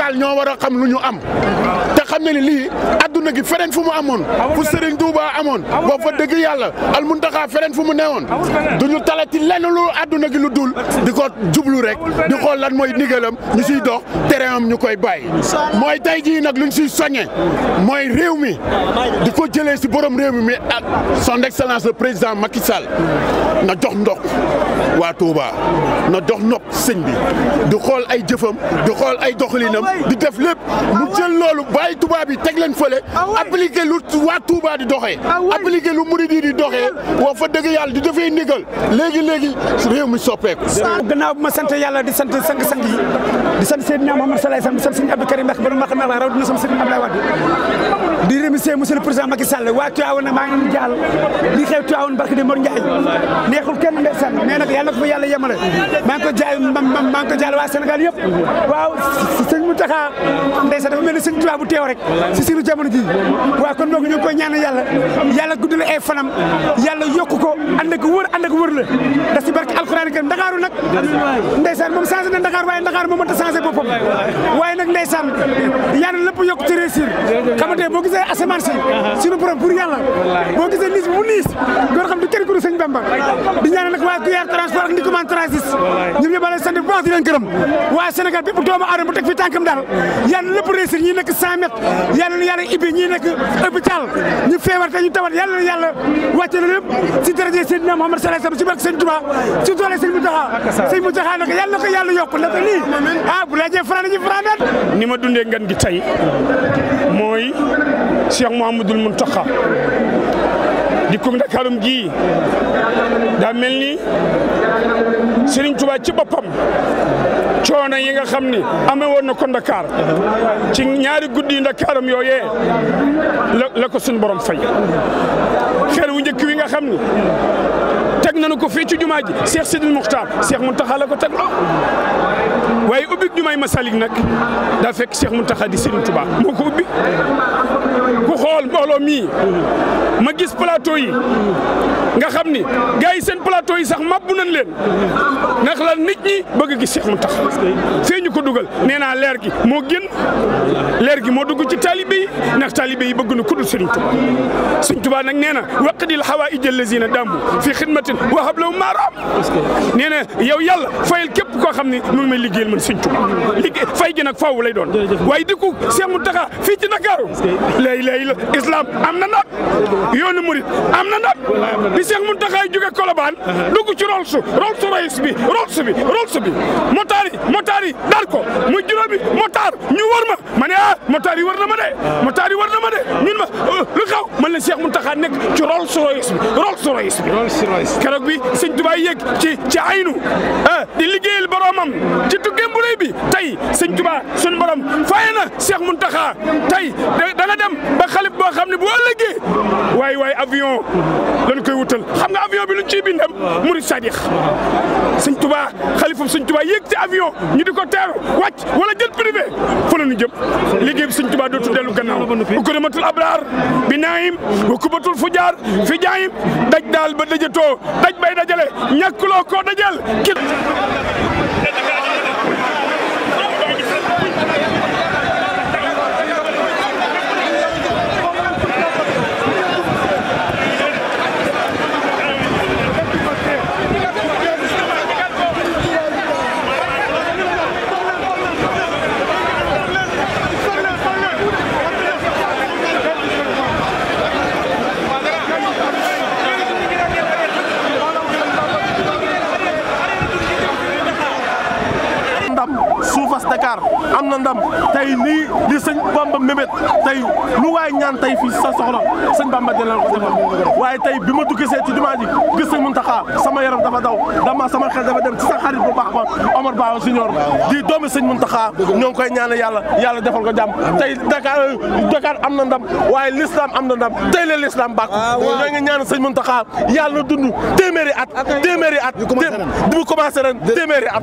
Sénégal ñoo war a xam lu ñu am xam ne ni lii àdduna gi fereen fu mu amoon fu Serigne Touba amoon boo fa dëgg yàlla al muntaxaa feneen fu mu newoon duñu talati lenn lu àdduna gi lu dul di ko jublu rek di xool lan mooy ndigalam ñu siy dox terrain ñu koy bàyyi mooy day jii nag ñu siy soññe mooy réew mi di ko jëlee si borom réew mi ak ah, son excellence le président Macky Sall na jox ndox waa Touba na jox nopp sëñ bi di xool ay jëfam di xool ay doxalinam di def lépp mu jël loolu bàyyi tubaab yi teg leen fële ah appliqué lu waa Touba di doxee ah appliqué lu murid yi di doxee wax fo dëgg yàlla di dafay ndigal léegi-léegi réew mi soppeeku gannaaw bu ma sant yàlla di sant sang-sang yi di sant Seydina Muhammad sallallahu alayhi wasallam di sant Serigne Abdou Karim Mbacké ba nu ma xam ne raw dina sant Serigne Abdoulaye Wade di remercier monsieur le président Macky Sall waa Tivaouane na maa ngi leen jàll li xew Tivaouane barke de Mor Ndiaye neexul kenn ndeysaan mais nag yàlla na ko fa yàlla yemale maa ngi ko jaay ko jaal waa Sénégal yëpp waaw sëñ mu rek si suñu jamono ji waaw kon donc ñu ngi koy ñaanal yàlla yàlla guddal ay fanam yàlla yokku ko ànd ak wër ànd ak wër la da si barke alxuraan kan Ndakaaru nag ndeysaan moom changé na Ndakaar waaye Ndakaar moom mënta changé boppam waaye nag ndeysaan yàlla lépp yokku ci réussir xamante boo gisee tey asamaan si suñu borom pour yàlla boo gisee niis bi mu niis nga xam du kenn ku dul Bamba di ñaanal nag waa Guyaar transport ak Ndikoumane transit ñoom ñëpp a sant bu baax di leen gërëm waa Sénégal bépp doomu aadama bu teg fi tànkam daal yàlla na lépp réussir ñi nekk 100 mètres yàlla na yàlla ibbi ñi nekk hôpital ñu feebar te ñu tawat yàlla na yàlla wàcce loolu yëpp si daraje Seydina Mouhamed sallallahu alayhi wasallam si barke sëñ Touba si doole sëñ Mountakha sëñ Mountakha nag yàlla na ko yàlla yokk na ko lii ah bu laajee faraa nañu faraa naat ni ma dundee ngan gi tey mooy Cheikh Mouhamadul Mountakha dikkug Ndakaarum gii daa mel ni Serigne Touba ci boppam coono yi nga xam ni amee woon na ko Ndakaar ci ñaari guddi yi Ndakaaram yooyee la la ko suñ borom fay xel wu njëkk wi nga xam ni teg nañu ko fii ci jumaa ji Cheikh Sidil Muxtaar Cheikh Mountakha la ko teg waaye ubbik ñu may Masalik nag da fekk Cheikh Mountakha di Serigne Touba moo ko ubbi ku xool mbooloo mii ma gis plateau yi nga xam ni gars yi seen plateau yi sax mabbu nañ leen ndax la nit ñi bëgg gis Cheikh Mountakha fee ñu ko dugal nee naa leer gi moo gën leer gi moo dugg ci taalibe yi نختالي بي بغنو كودو سيرن توبا سيرن توبا نك نينا وقد الحوائج الذين دامو في خدمه وهب لهم ما رام نينا ياو يالا فايل كيب كو خامني مو مي ليغيل من سيرن توبا فاي جي نك فاو لاي دون واي ديكو سيمو تاخا في تي نكارو لاي لاي الاسلام امنا نك يون مريد امنا نك بي سيخ مون تاخا جوغي كولبان دوكو سي رولسو رولسو رئيس بي رولسو بي رولسو بي موتاري موتاري داركو مو جيرو بي موتار ني ورما ماني موتاري ورنا ماني موتاري stade yi war na ma de ñun ma lu xaw man la Cheikh Mountakha nekk ci Rolls Royce bi Rolls Royce bi. Rolls Royce keroog bi sëñ Tuubaa yéeg ci ci aynu ah di liggéeyal boromam bi tey sëñ Tuubaa suñ borom faye na Cheikh da nga dem ba xalif boo xam ne bu ëllëgee waay waay avion lañ koy wutal xam nga avion bi luñ ciy bindam murid sadix sëñ Tuubaa xalifam sëñ Tuubaa yéeg ci avion ñu di ko teeru wàcc wala jël privé fa la ñu jëm liggéey bi sëñ Tuubaa dootu dellu gannaaw ukurimatul abraar bi naayim wa fujaar fi daj daal ba dajatoo daj bay dajale ñàkkuloo koo dajal Suéltala suufas Dakar am na ndam tey lii li sëñ Bamba mébét tey lu waay ñaan tey fii sa soxla sëñ Bamba dina ko defal waaye tey bi ma dugg see ci jumaa ji gis sëñ Muntaxa sama yaram dafa daw dama sama xel dafa dem ci sa xarit bu baax ba Omar Ba Senior di doomi sëñ Muntaxa ñoo ngi koy ñaanal yàlla yàlla defal ko jàmm tey Dakar am na ndam waaye l'islam am na ndam tey la l'islam bàkk ah, ñoo ngi ñaan sëñ Muntaxa yàlla na dund téeméeri at téeméeri at bu commencé ren téeméeri at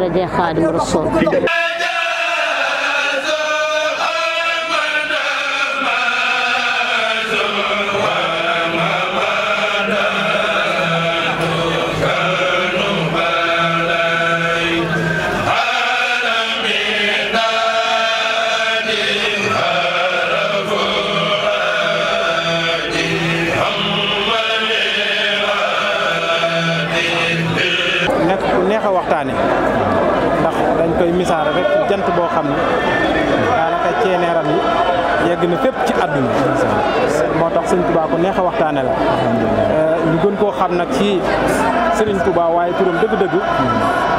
الدكتورة خادم الرسول ku neex a waxtaane ndax dañ koy misaare rek jant boo xam ne daanaka ceeneeram yi yegg na fépp ci àdduna moo tax sëñ Touba ku neex a waxtaane la euh, ñu gën koo xam nag ci sëriñ Touba waaye turam dëgg-dëgg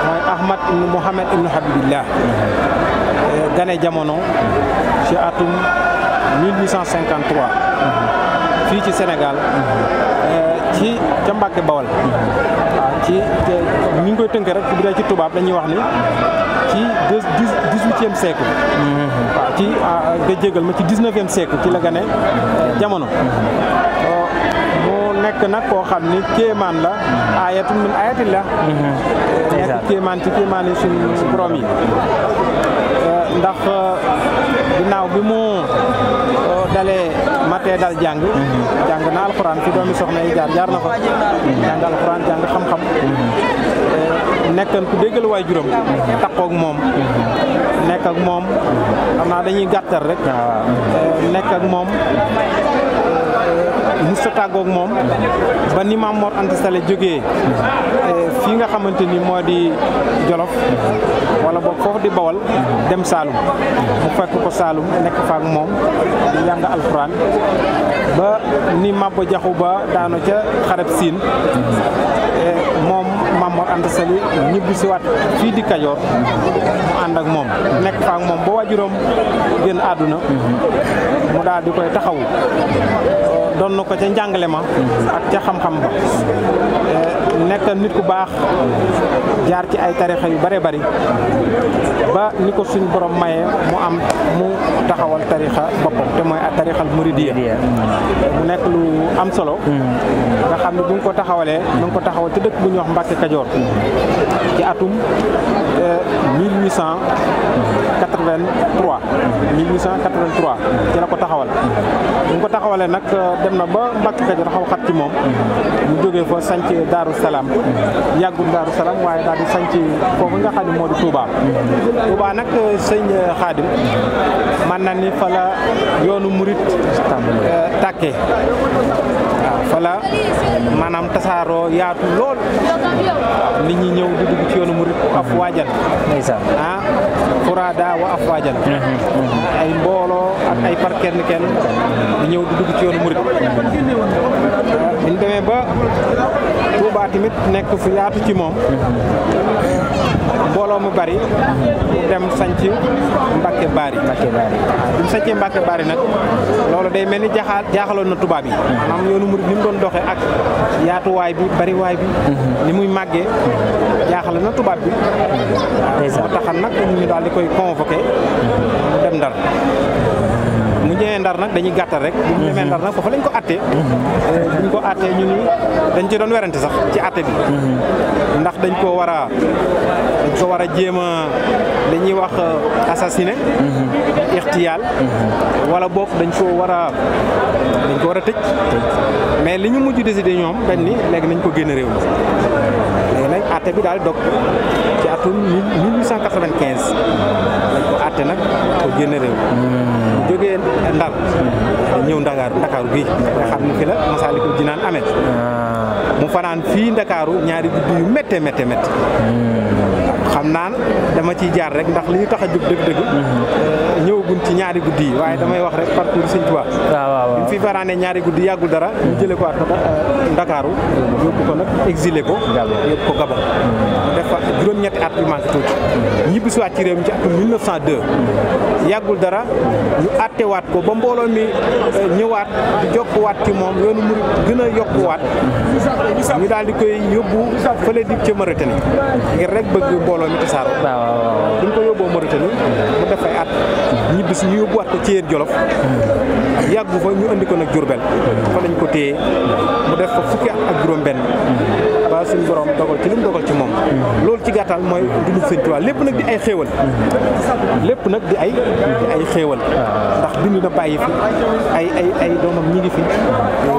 mooy Ahmad ibnu Mouhamed ibnu Habibillah euh, gane jamono ci atum fii ci senegal euh, ci ca Mbàkke Bawal waaw ci ni ñu koy tënk rek bu dee ci tubaab dañuy wax ni ci 18e huitième siècle waaw ci nga jégal ma ci 19e siècle ci la gane jamono nekk nag koo xam ni kéemaan la ayatu min ayati la nekk kéemaan ci kéemaan yi suñu borom yi ndax ginnaaw bi mu mate daal dal jàng jàng naa alxuraan fi doomi soxna yi jaar jaar na fa jàng alxuraan jàng xam-xam nekkan ku déggal waay juróom takkoog moom nekk ak moom xam naa dañuy gàttal rek ah. nekk ak moom musta tàggoog moom Maam Mor Anta eh, fi nga xamante ni moo di Jolof wala boog foofu di Bawal dem Saalum mu fekk ko Saalum nekk fa moom di jàng alxuraan ba ni Maba Jaxu Ba daano ca xarab siin eh, moom Maam Mor Anta Sali ñibbi si waat fii di Kajoor mu ànd ak moom nekk fa moom ba waajuram génn àdduna mu daal di koy taxawu doon na ko ca njàngale ma ak ca xam-xam ba eh, nekk nit ku baax jaar ci ay tarixa yu bare bari ba ni ko suñ borom maye mu am mu taxawal tarixa boppam te mooy ak tarixal muridiya mu nekk lu am solo mm. nga xam ne bu nga ko taxawalee nu nga ko taxawal ci dëkk bu ñuy wax Mbàkke Kajoor ci atum 1883 euh, 1883 ci la ko taxawal bu ko taxawalee nag euh, dem na ba Mbàkke Kajoor xaw xat ci moom mu jógee fa sanc Daaru Salaam yàggul Daaru Salaam waaye daal di sanc foofu nga xam moo di Touba Touba nag euh, sëñ Xaadim man na ni fa la yoonu murit tàkkee voilà maanaam tasaaroo yaatu lool ni nit ñi ñëw di dugg ci yoonu murid afwaajan ah furaada wa afwaajan mhm, mhm. ay mbooloo ay par kenn kenn ñëw di dugg ci yoonu murid li ñu demee ba Touba tamit nekk fu yaatu ci moom mbooloo mu bari dem sanc Mbàkke Baari Mbàkke Baari waaw bi nag loolu day mel ni jaaxal jaaxaloon na tubaab yi mm-hmm. maanaam yoonu murid ni mu doon doxee ak yaatuwaay bi bariwaay bi mm-hmm. ni muy màggee mm-hmm. jaaxal na tubaab bi waaw moo taxan nag ñu koy convoqué mu dem Ndar ñëwee ndar nag dañuy gàttal rek bu ko attee eh, ñu ko dañ ci doon werante sax ci atte bi ndax dañ ko war a dañ ko war a jéem a li ñuy wax assassiné ixtiyaal wala boog dañ ko war a dañ ko war a tëj mais li ñu mujj décidé ñoom dañ ni léegi nañ ko génn réew mi léegi nag atte bi daal dog ci atum ñëw Ndakaaru Ndakaaru gi nga xam ne fi la Masaalikul Jinaan amee ah. mu fanaan fii Ndakaaru ñaari guddi yu métte métte métte hmm. xam naan dama ciy jaar rek ndax li ñu tax a jóg dëgg-dëgg hmm. ñëwagun ci ñaari guddi yi waaye damay wax rek parcours Sëñ Tuubaa ah, bi fi fanaanee ñaari guddi yàggul dara ñu hmm. jële ko ak euh, Ndakaaru yóbbu ko nag exilé ko yóbbu fa juróom-ñetti at yu manqué tuuti ñibbi si waat ci réew mi ci atum 1902 yàggul dara ñu àttewaat ko ba mbooloo mi euh, ñëwaat di jokkuwaat ci moom yoonu mu gën a yokkuwaat ñu daal di koy yóbbu fële di ca Mauritanie ngir rek bëgg mbooloo mi tasaaroo. waaw waaw waaw duñ ko yóbboo mu def ay at. ñibbi si ñu yóbbuwaat ko ci yéen jolof yàggu fa ñu indi ko nag Jurbel fa lañ ko téye mu def fa fukki ak juróom benn ba suñ borom dogal ci li mu dogal ci moom loolu ci gàttal mooy dundu Sëñ Tuubaa lépp nag di ay xéewal lépp nag di ay di ay xéewal ndax dindi na bàyyi fi ay ay ay doomam ñi ngi fi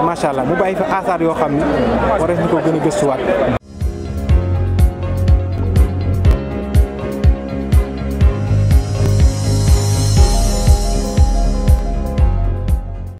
macha allah mu bàyyi fi aasaar yoo xam ni warees ñu ko gën a gëstuwaat